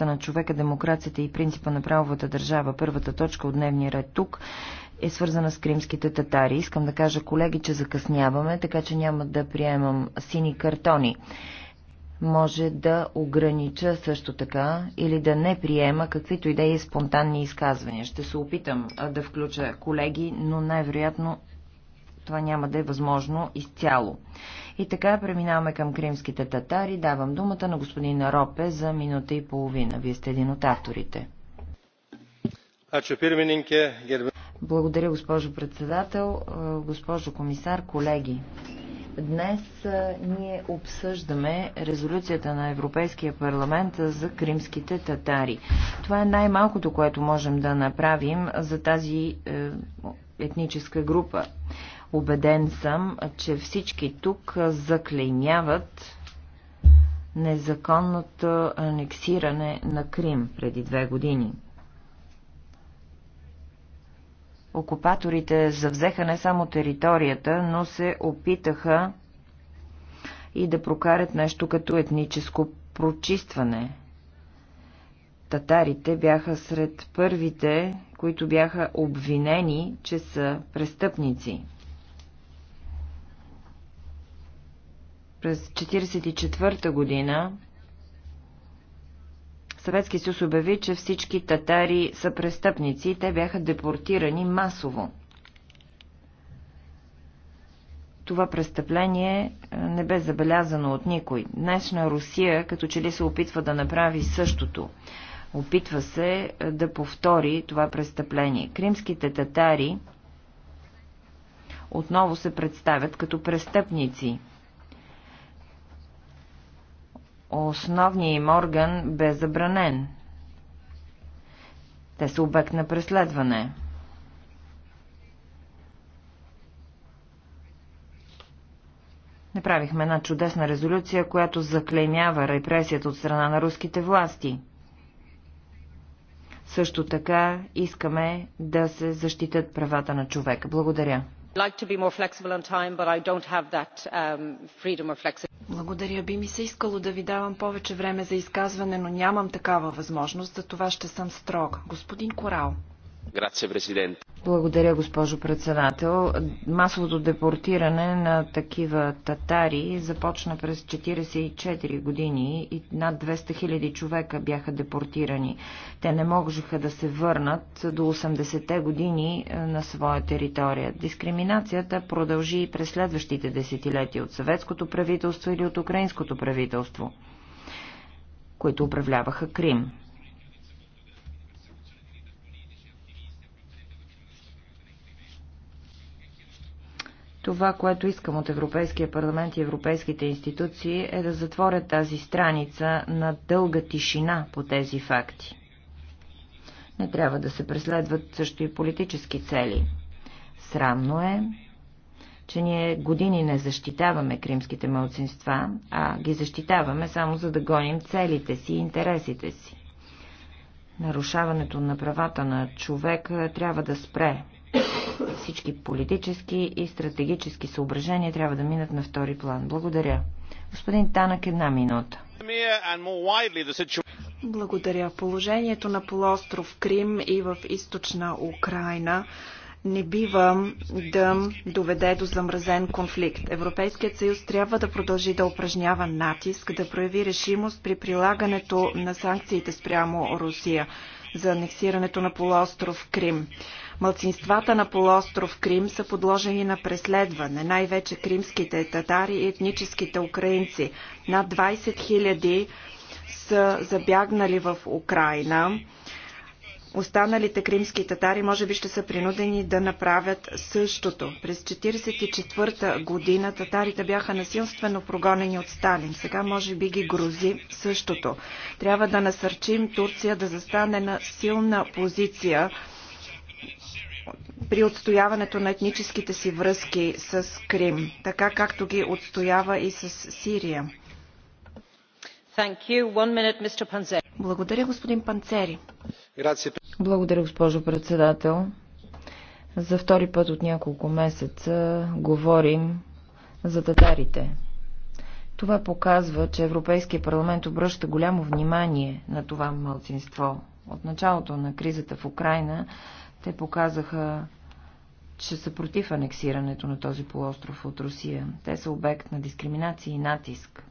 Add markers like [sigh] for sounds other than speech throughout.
на човека, демокрацията и принципа на правовата държава, първата точка от дневния ред тук, е свързана с кримските татари. Искам да кажа, колеги, че закъсняваме, така че няма да приемам сини картони. Може да огранича също така или да не приема каквито идеи спонтанни изказвания. Ще се опитам да включа колеги, но най-вероятно това няма да е възможно изцяло. И така преминаваме към кримските татари. Давам думата на господин Ропе за минута и половина. Вие сте един от авторите. Благодаря, госпожо председател, е, госпожо комисар, колеги. Днес е, ние обсъждаме резолюцията на Европейския парламент за кримските татари. Това е най-малкото, което можем да направим за тази е, етническа група. Обеден съм, че всички тук заклеймяват незаконното анексиране на Крим преди две години. Окупаторите завзеха не само територията, но се опитаха и да прокарат нещо като етническо прочистване. Татарите бяха сред първите, които бяха обвинени, че са престъпници. През 1944 година Съветски съюз обяви, че всички татари са престъпници и те бяха депортирани масово. Това престъпление е, не бе забелязано от никой. Днешна Русия като че ли се опитва да направи същото. Опитва се е, да повтори това престъпление. Кримските татари отново се представят като престъпници – основният им орган бе забранен. Те са обект на преследване. Направихме една чудесна резолюция, която заклеймява репресията от страна на руските власти. Също така искаме да се защитят правата на човека. Благодаря. Like to be more flexible on time, but I don't have that um, freedom or flexibility. Благодаря. Би ми се искало да ви давам повече време за изказване, но нямам такава възможност, затова ще съм строга. Господин Корал. Благодаря, госпожо председател. Масовото депортиране на такива татари започна през 44 години и над 200 хиляди човека бяха депортирани. Те не можеха да се върнат до 80-те години е, на своя територия. Дискриминацията продължи и през следващите десетилетия от съветското правителство или от украинското правителство, които управляваха Крим. Това, което искам от Европейския парламент и европейските институции е да затворят тази страница на дълга тишина по тези факти. Не трябва да се преследват също и политически цели. Срамно е, че ние години не защитаваме кримските мълцинства, а ги защитаваме само за да гоним целите си и интересите си. Нарушаването на правата на човека трябва да спре. Всички политически и стратегически съображения трябва да минат на втори план. Благодаря. Господин Танък, една минута. Благодаря. Положението на полуостров Крим и в източна Украина не бива да доведе до замразен конфликт. Европейският съюз трябва да продължи да упражнява натиск, да прояви решимост при прилагането на санкциите спрямо Русия за анексирането на полуостров Крим. Малцинствата на полуостров Крим са подложени на преследване, най-вече кримските татари и етническите украинци. Над 20 000 са забягнали в Украина. Останалите кримски татари може би ще са принудени да направят същото. През 1944-та година татарите бяха насилствено прогонени от Сталин. Сега може би ги грози същото. Трябва да насърчим Турция да застане на силна позиция при отстояването на етническите си връзки с Крим, така както ги отстоява и с Сирия. Благодаря, господин Панцери. Благодаря, госпожо председател. За втори път от няколко месеца говорим за татарите. Това показва, че Европейския парламент обръща голямо внимание на това мълцинство. От началото на кризата в Украина те показаха, че са против анексирането на този полуостров от Русия. Те са обект на дискриминация и натиск.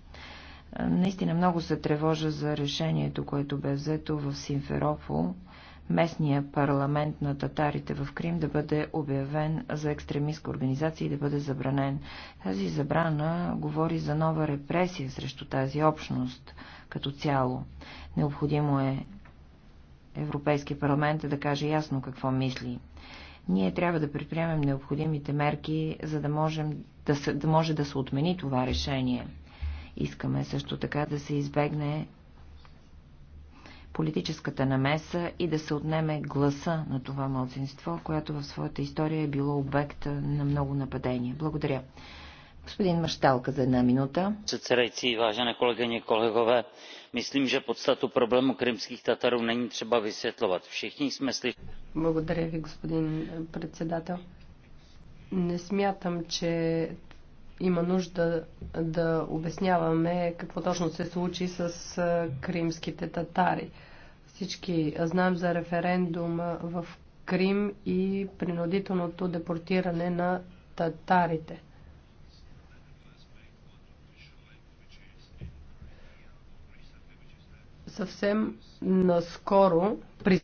Наистина много се тревожа за решението, което бе взето в Симферопол, местния парламент на татарите в Крим да бъде обявен за екстремистка организация и да бъде забранен. Тази забрана говори за нова репресия срещу тази общност като цяло. Необходимо е Европейския парламент е да каже ясно какво мисли. Ние трябва да предприемем необходимите мерки, за да, можем, да, се, да може да се отмени това решение. Искаме също така да се избегне политическата намеса и да се отнеме гласа на това младсинство, което в своята история е било обект на много нападения. Благодаря. Господин Машталка за една минута. Председайци, важане колеги и колегове, myslím že podstatu problému krymských tatarů není třeba vysvětlovat. všichni jsme slyšeli. Благодаря ви, господин председател. Не смятам, че има нужда да обясняваме какво точно се случи с кримските татари. Всички знаем за референдума в Крим и принудителното депортиране на татарите. Съвсем наскоро при...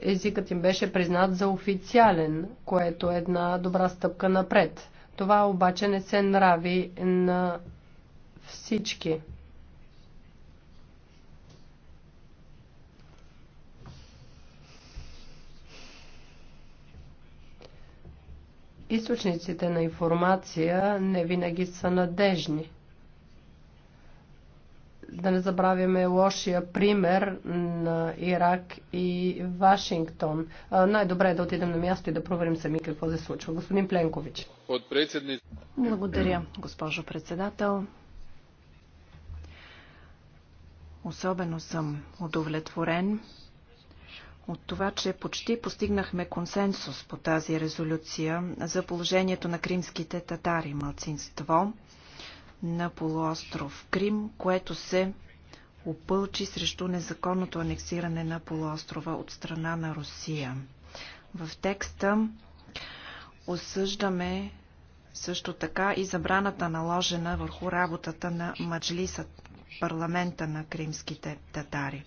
езикът им беше признат за официален, което е една добра стъпка напред. Това обаче не се нрави на всички. Източниците на информация не винаги са надежни да не забравяме лошия пример на Ирак и Вашингтон. Най-добре е да отидем на място и да проверим сами какво се случва. Господин Пленкович. Благодаря, госпожо председател. Особено съм удовлетворен от това, че почти постигнахме консенсус по тази резолюция за положението на кримските татари, мълцинство – на полуостров Крим, което се опълчи срещу незаконното анексиране на полуострова от страна на Русия. В текста осъждаме също така и забраната наложена върху работата на Маджлиса, парламента на кримските татари.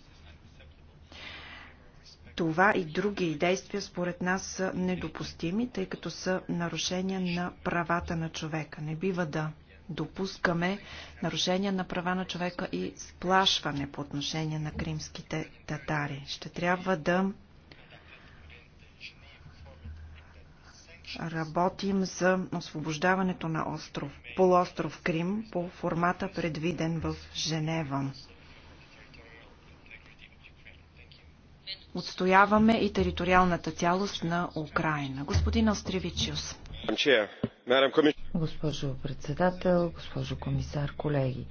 Това и други действия според нас са недопустими, тъй като са нарушения на правата на човека. Не бива да допускаме нарушения на права на човека и сплашване по отношение на кримските татари. Ще трябва да работим за освобождаването на остров, полуостров Крим по формата предвиден в Женева. Отстояваме и териториалната цялост на Украина. Господин Остревичиус. Госпожо председател, госпожо комисар, колеги.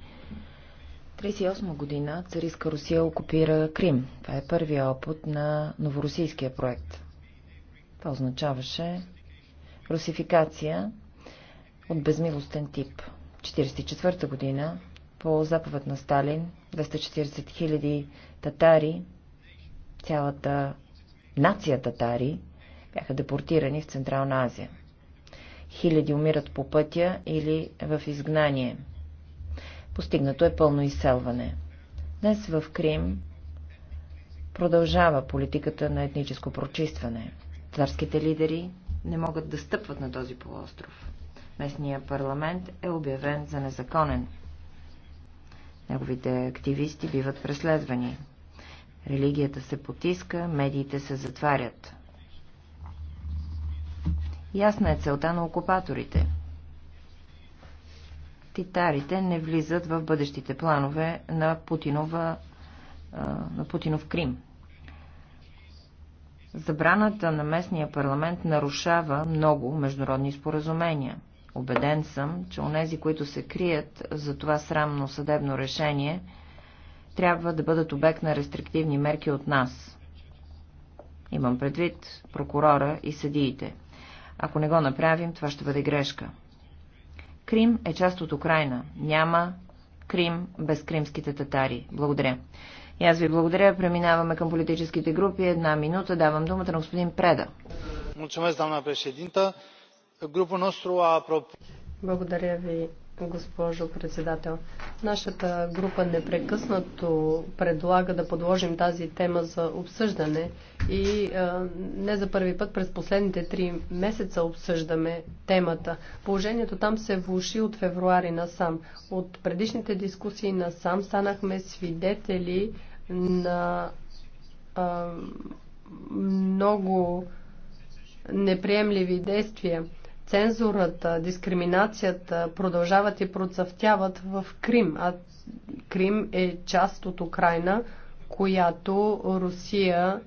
1938 година цариска Русия окупира Крим. Това е първият опит на новорусийския проект. Това означаваше русификация от безмилостен тип. 1944 година по заповед на Сталин 240 хиляди татари, цялата нация татари, бяха депортирани в Централна Азия. Хиляди умират по пътя или в изгнание. Постигнато е пълно изселване. Днес в Крим продължава политиката на етническо прочистване. Царските лидери не могат да стъпват на този полуостров. Местният парламент е обявен за незаконен. Неговите активисти биват преследвани. Религията се потиска, медиите се затварят. Ясна е целта на окупаторите. Титарите не влизат в бъдещите планове на, Путинова, на Путинов Крим. Забраната на местния парламент нарушава много международни споразумения. Обеден съм, че онези, които се крият за това срамно съдебно решение, трябва да бъдат обект на рестриктивни мерки от нас. Имам предвид прокурора и съдиите. Ако не го направим, това ще бъде грешка. Крим е част от Украина. Няма Крим без кримските татари. Благодаря. И аз ви благодаря. Преминаваме към политическите групи. Една минута. Давам думата на господин Преда. Благодаря ви, госпожо председател. Нашата група непрекъснато предлага да подложим тази тема за обсъждане и а, не за първи път през последните три месеца обсъждаме темата. Положението там се влуши от февруари насам. От предишните дискусии насам станахме свидетели на а, много неприемливи действия. Цензурата, дискриминацията продължават и процъфтяват в Крим, а Крим е част от Украина, която Русия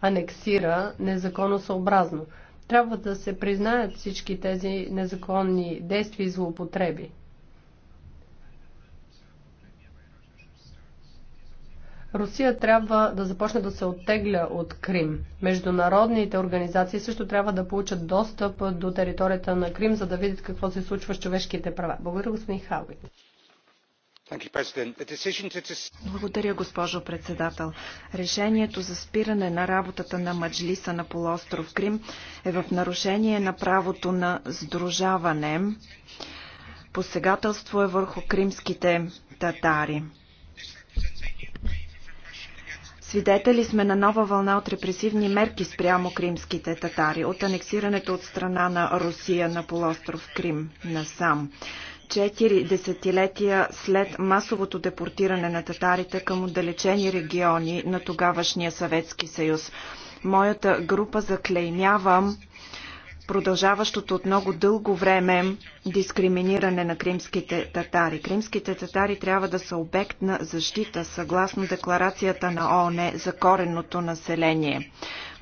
анексира незаконосъобразно. Трябва да се признаят всички тези незаконни действия и злоупотреби. Русия трябва да започне да се оттегля от Крим. Международните организации също трябва да получат достъп до територията на Крим, за да видят какво се случва с човешките права. Благодаря, господин Хауит. Благодаря, госпожо председател. Решението за спиране на работата на Маджлиса на полуостров Крим е в нарушение на правото на сдружаване. Посегателство е върху кримските татари. Свидетели сме на нова вълна от репресивни мерки спрямо кримските татари от анексирането от страна на Русия на полуостров Крим насам. Четири десетилетия след масовото депортиране на татарите към отдалечени региони на тогавашния Съветски съюз. Моята група заклеймява продължаващото от много дълго време дискриминиране на кримските татари. Кримските татари трябва да са обект на защита съгласно декларацията на ООН за коренното население.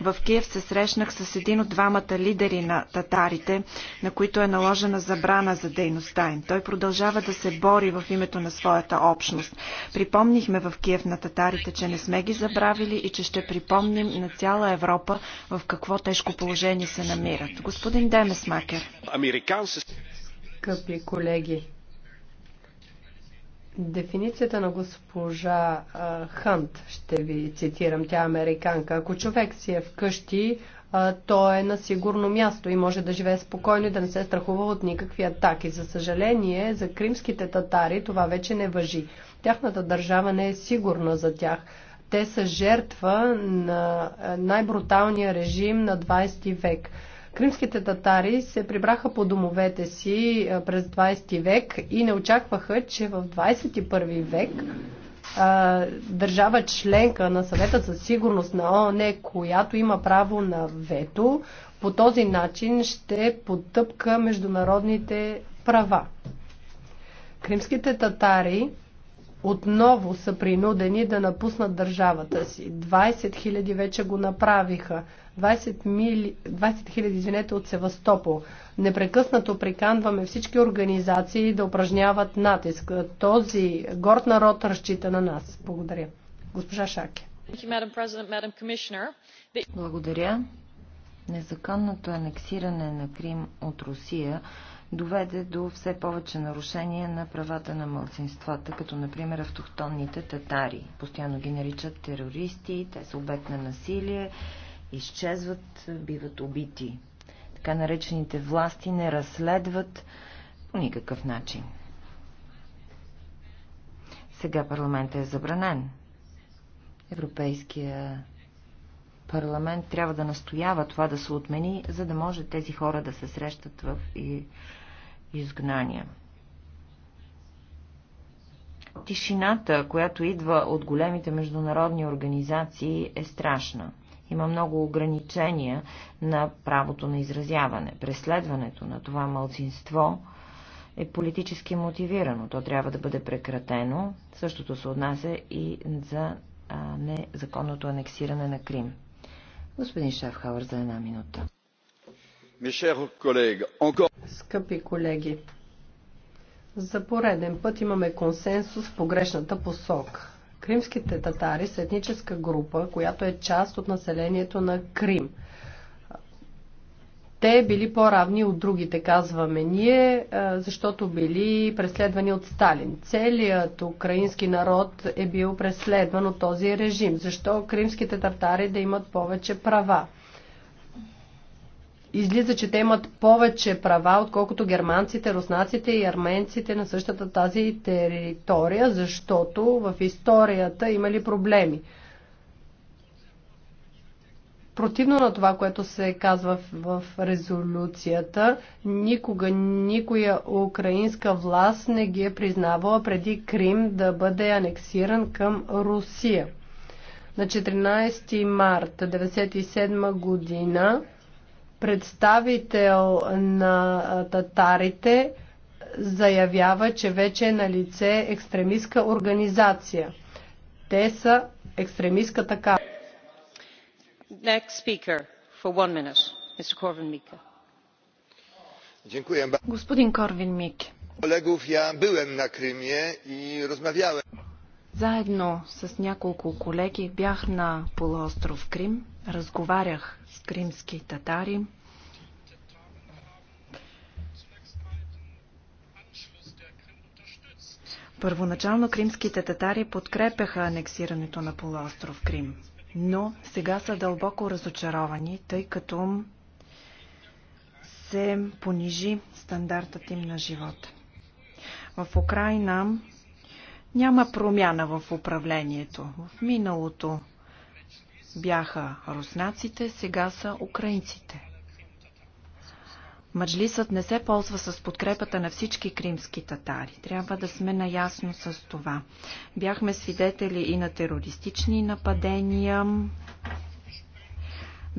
В Киев се срещнах с един от двамата лидери на татарите, на които е наложена забрана за дейността им. Той продължава да се бори в името на своята общност. Припомнихме в Киев на татарите, че не сме ги забравили и че ще припомним на цяла Европа в какво тежко положение се намират. Господин Демесмакер. Скъпи колеги, Дефиницията на госпожа Хант, Хънт, ще ви цитирам, тя е американка. Ако човек си е вкъщи, то е на сигурно място и може да живее спокойно и да не се страхува от никакви атаки. За съжаление, за кримските татари това вече не въжи. Тяхната държава не е сигурна за тях. Те са жертва на най-бруталния режим на 20 век. Кримските татари се прибраха по домовете си през 20 век и не очакваха, че в 21 век държава членка на съвета за сигурност на ООН, която има право на вето, по този начин ще потъпка международните права. Кримските татари отново са принудени да напуснат държавата си. 20 000 вече го направиха. 20, мили... 20 000 извинете, от Севастопол. Непрекъснато приканваме всички организации да упражняват натиск. Този горд народ разчита на нас. Благодаря. Госпожа Шаке. Благодаря. Незаконното анексиране на Крим от Русия доведе до все повече нарушения на правата на мълцинствата, като например автохтонните татари. Постоянно ги наричат терористи, те са обект на насилие, изчезват, биват убити. Така наречените власти не разследват по никакъв начин. Сега парламентът е забранен. Европейския парламент трябва да настоява това да се отмени, за да може тези хора да се срещат в изгнания. Тишината, която идва от големите международни организации, е страшна. Има много ограничения на правото на изразяване. Преследването на това мълцинство е политически мотивирано. То трябва да бъде прекратено. Същото се отнася и за незаконното анексиране на Крим. Господин Шафхауър, за една минута. Скъпи колеги, за пореден път имаме консенсус в погрешната посока. Кримските татари са етническа група, която е част от населението на Крим – те били по-равни от другите, казваме ние, е, защото били преследвани от Сталин. Целият украински народ е бил преследван от този режим. Защо кримските татари да имат повече права? Излиза, че те имат повече права, отколкото германците, руснаците и арменците на същата тази територия, защото в историята имали проблеми противно на това, което се казва в, в резолюцията. Никога никоя украинска власт не ги е признавала преди Крим да бъде анексиран към Русия. На 14 март 1997 година представител на татарите заявява, че вече е на лице екстремистска организация. Те са екстремистка така. Господин Корвин Заедно с няколко колеги бях на полуостров Крим, разговарях с кримски татари. Първоначално кримските татари подкрепяха анексирането на полуостров Крим но сега са дълбоко разочаровани, тъй като се понижи стандартът им на живота. В Украина няма промяна в управлението. В миналото бяха руснаците, сега са украинците. Маджлисът не се ползва с подкрепата на всички кримски татари. Трябва да сме наясно с това. Бяхме свидетели и на терористични нападения.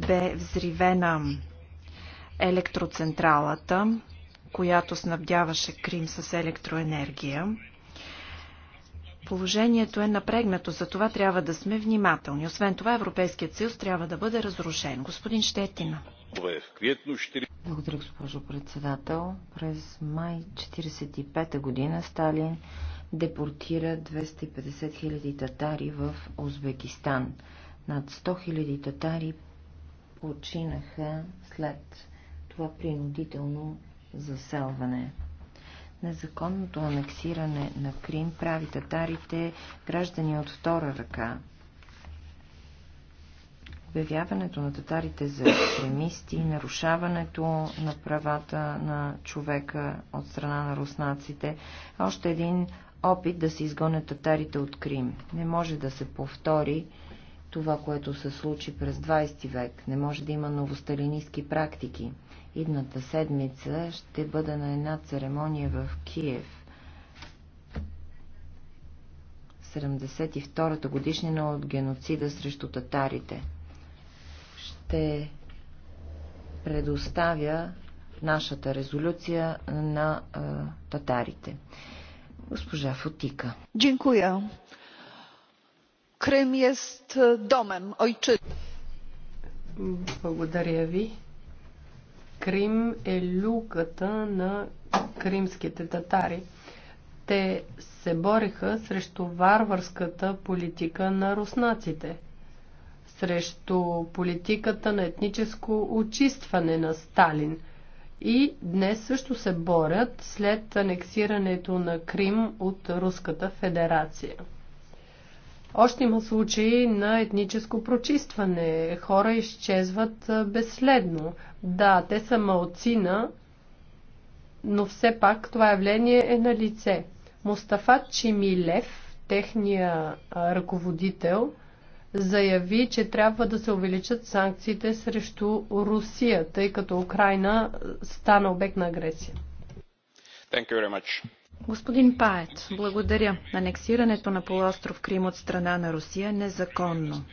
Бе взривена електроцентралата, която снабдяваше Крим с електроенергия. Положението е напрегнато, за това трябва да сме внимателни. Освен това, Европейският съюз трябва да бъде разрушен. Господин Щетина. Благодаря, госпожо председател. През май 1945 година Сталин депортира 250 000 татари в Узбекистан. Над 100 000 татари починаха след това принудително заселване. Незаконното анексиране на Крим прави татарите граждани от втора ръка обявяването на татарите за екстремисти, нарушаването на правата на човека от страна на руснаците, още един опит да се изгонят татарите от Крим. Не може да се повтори това, което се случи през 20 век. Не може да има новосталинистки практики. Идната седмица ще бъде на една церемония в Киев. 72-та годишнина от геноцида срещу татарите ще предоставя нашата резолюция на а, татарите. Госпожа Футика. Дякую. Крим е домем, ойче. Благодаря ви. Крим е люката на кримските татари. Те се бориха срещу варварската политика на руснаците – срещу политиката на етническо очистване на Сталин. И днес също се борят след анексирането на Крим от Руската федерация. Още има случаи на етническо прочистване. Хора изчезват безследно. Да, те са малцина, но все пак това явление е на лице. Мустафа Чимилев, техния ръководител, заяви, че трябва да се увеличат санкциите срещу Русия, тъй като Украина стана обект на агресия. Thank you very much. Господин Паец, благодаря. Анексирането на полуостров Крим от страна на Русия е незаконно.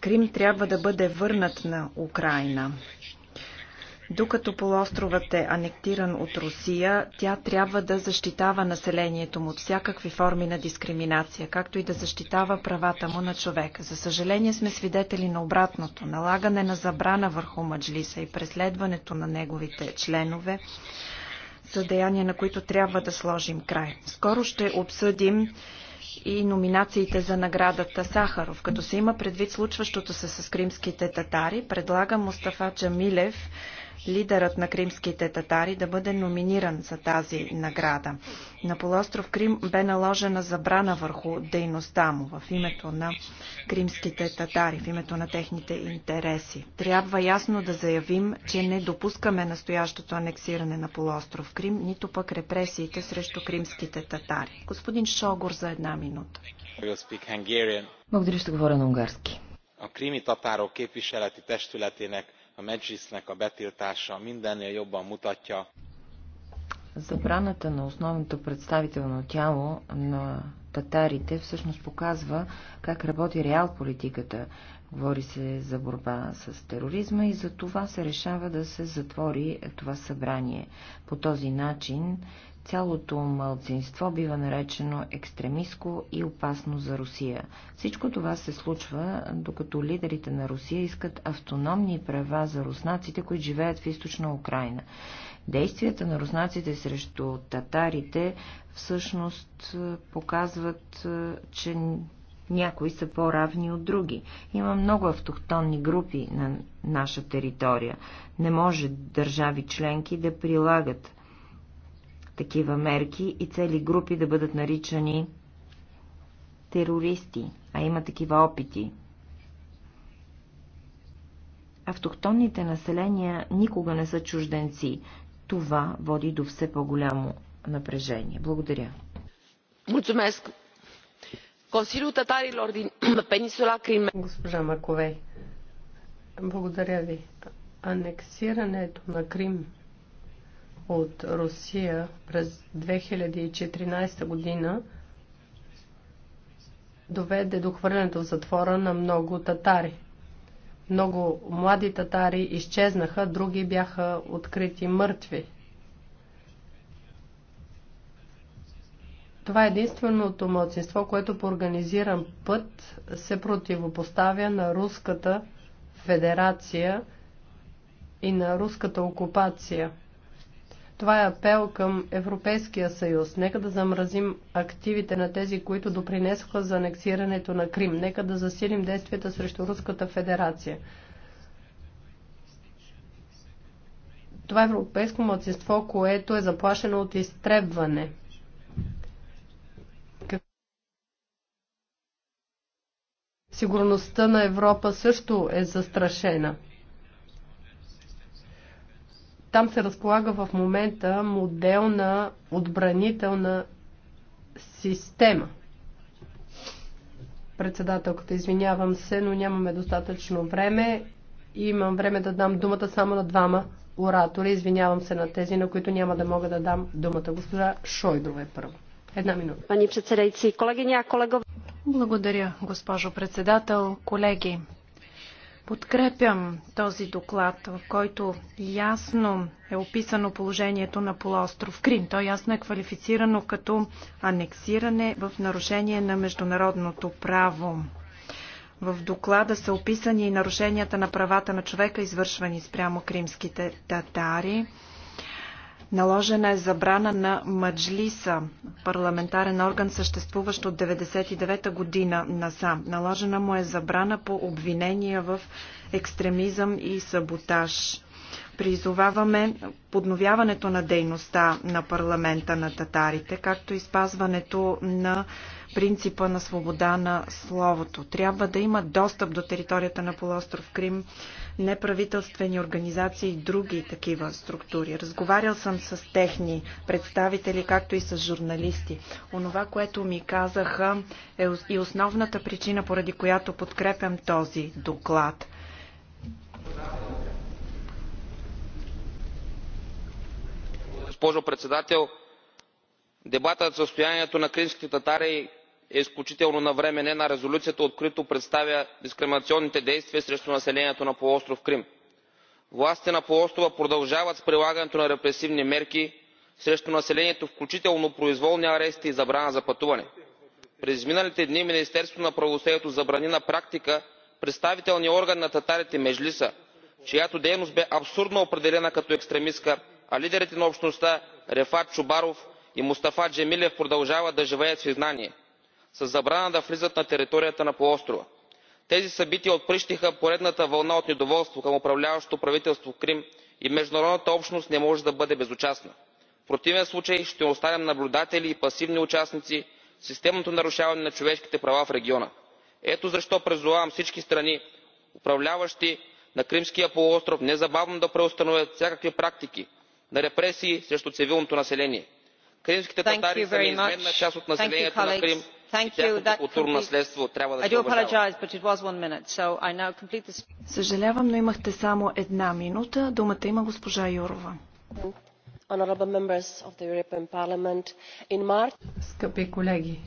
Крим трябва да бъде върнат на Украина. Докато полуостровът е анектиран от Русия, тя трябва да защитава населението му от всякакви форми на дискриминация, както и да защитава правата му на човека. За съжаление сме свидетели на обратното. Налагане на забрана върху Маджлиса и преследването на неговите членове са деяния, на които трябва да сложим край. Скоро ще обсъдим и номинациите за наградата Сахаров. Като се има предвид случващото се с кримските татари, предлагам Мустафа Джамилев лидерът на кримските татари да бъде номиниран за тази награда. На полуостров Крим бе наложена забрана върху дейността му в името на кримските татари, в името на техните интереси. Трябва ясно да заявим, че не допускаме настоящото анексиране на полуостров Крим, нито пък репресиите срещу кримските татари. Господин Шогор за една минута. Благодаря, ще говоря на унгарски. A krimi tatárok képviseleti testületének a medzsisznek a betiltása mindennél jobban mutatja. Забраната на основното представително тяло на татарите всъщност показва как работи реал политиката. Говори се за борба с тероризма и за това се решава да се затвори това събрание. По този начин Цялото мълцинство бива наречено екстремистко и опасно за Русия. Всичко това се случва, докато лидерите на Русия искат автономни права за руснаците, които живеят в източна Украина. Действията на руснаците срещу татарите всъщност е, показват, е, че някои са по-равни от други. Има много автохтонни групи на наша територия. Не може държави членки да прилагат такива мерки и цели групи да бъдат наричани терористи, а има такива опити. Автохтонните населения никога не са чужденци. Това води до все по-голямо напрежение. Благодаря. Mulțumesc. Consiliul Tătarilor din peninsula Crimea. [clears throat] Госпожа Маковей, благодаря ви. Анексирането на Крим от Русия през 2014 година доведе до хвърлянето в затвора на много татари. Много млади татари изчезнаха, други бяха открити мъртви. Това е единственото младсинство, което по организиран път се противопоставя на Руската федерация и на руската окупация – това е апел към Европейския съюз. Нека да замразим активите на тези, които допринесоха за анексирането на Крим. Нека да засилим действията срещу Руската федерация. Това е европейско младсинство, което е заплашено от изтребване. Сигурността на Европа също е застрашена. Там се разполага в момента модел на отбранителна система. Председателката, извинявам се, но нямаме достатъчно време. и Имам време да дам думата само на двама оратори. Извинявам се на тези, на които няма да мога да дам думата. Госпожа Шойдове, е първо. Една минута. Пани председайци, Благодаря, госпожо председател, колеги. Подкрепям този доклад, в който ясно е описано положението на полуостров Крим. Той ясно е квалифицирано като анексиране в нарушение на международното право. В доклада са описани и нарушенията на правата на човека, извършвани спрямо кримските татари. Наложена е забрана на Маджлиса, парламентарен орган, съществуващ от 1999 година насам. Наложена му е забрана по обвинения в екстремизъм и саботаж. Призоваваме подновяването на дейността на парламента на татарите, както и спазването на принципа на свобода на словото. Трябва да има достъп до територията на полуостров Крим неправителствени организации и други такива структури. Разговарял съм с техни представители, както и с журналисти. Онова, което ми казаха е и основната причина, поради която подкрепям този доклад. Госпожо председател, дебатът за състоянието на кримските татари е изключително навременен а резолюцията открито представя дискриминационните действия срещу населението на полуостров крим. властите на полуострова продължават с прилагането на репресивни мерки срещу населението включително произволни арести и забрана за пътуване. през изминалите дни министерството на правосъдието забрани на практика представителния орган на татарите меджлиса чиято дейност бе абсурдно определена като екстремистка а лидерите на общността рефат чубаров и мустафа джемилев продължават да живеят в изгнание със забрана да влизат на територията на полуострова. тези събития отприщиха поредната вълна от недоволство към управляващото правителство в крим и международната общност не може да бъде безучастна. в противен случай ще останем наблюдатели и пасивни участници в системното нарушаване на човешките права в региона. ето защо призовавам всички страни управляващи на кримския полуостров незабавно да преустановят всякакви практики на репресии срещу цивилното население. кримските татари са неизменна част от населението на крим културно наследство трябва да се уважава. Съжалявам, но имахте само една минута. Думата има госпожа Юрова. Скъпи колеги,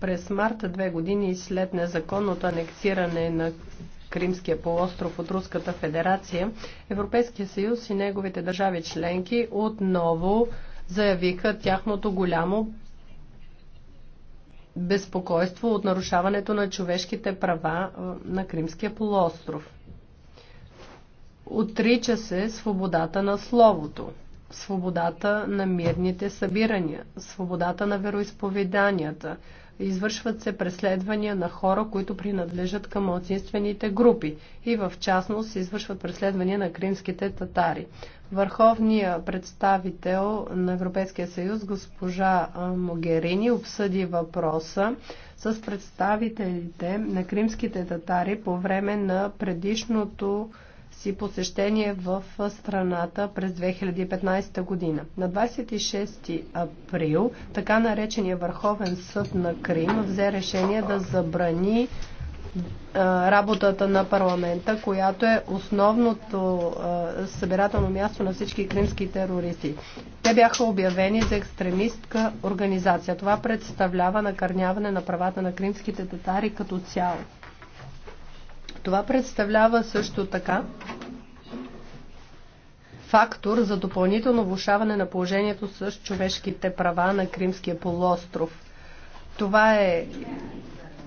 през март две години след незаконното анексиране на Кримския полуостров от Руската федерация, Европейския съюз и неговите държави членки отново заявиха тяхното голямо безпокойство от нарушаването на човешките права на Кримския полуостров. Отрича се свободата на словото, свободата на мирните събирания, свободата на вероисповеданията. Извършват се преследвания на хора, които принадлежат към младсинствените групи и в частност извършват преследвания на кримските татари. Върховния представител на Европейския съюз госпожа Могерини обсъди въпроса с представителите на кримските татари по време на предишното си посещение в страната през 2015 година. На 26 април така наречения Върховен съд на Крим взе решение да забрани работата на парламента, която е основното събирателно място на всички кримски терористи. Те бяха обявени за екстремистка организация. Това представлява накърняване на правата на кримските татари като цяло. Това представлява също така фактор за допълнително влушаване на положението с човешките права на Кримския полуостров. Това е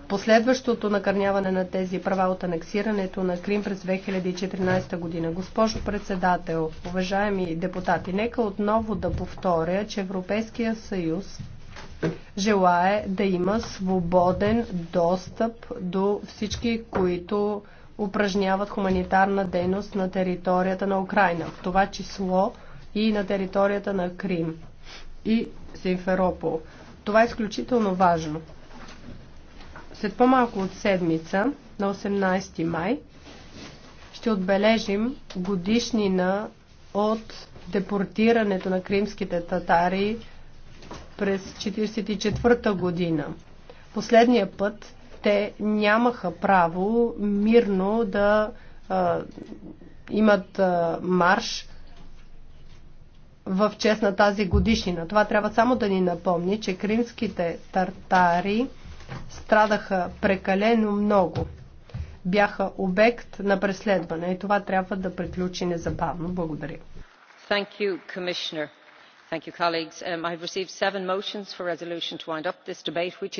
последващото накърняване на тези права от анексирането на Крим през 2014 година. Госпожо председател, уважаеми депутати, нека отново да повторя, че Европейския съюз желае да има свободен достъп до всички, които упражняват хуманитарна дейност на територията на Украина, в това число и на територията на Крим и Симферопол. Това е изключително важно. След по-малко от седмица, на 18 май, ще отбележим годишнина от депортирането на кримските татари през 1944 година. Последния път те нямаха право мирно да а, имат а, марш в чест на тази годишнина. Това трябва само да ни напомни, че кримските тартари страдаха прекалено много. Бяха обект на преследване и това трябва да приключи незабавно. Благодаря. Thank you, Commissioner. Thank you, colleagues. Um, I've received seven motions for resolution to wind up this debate, which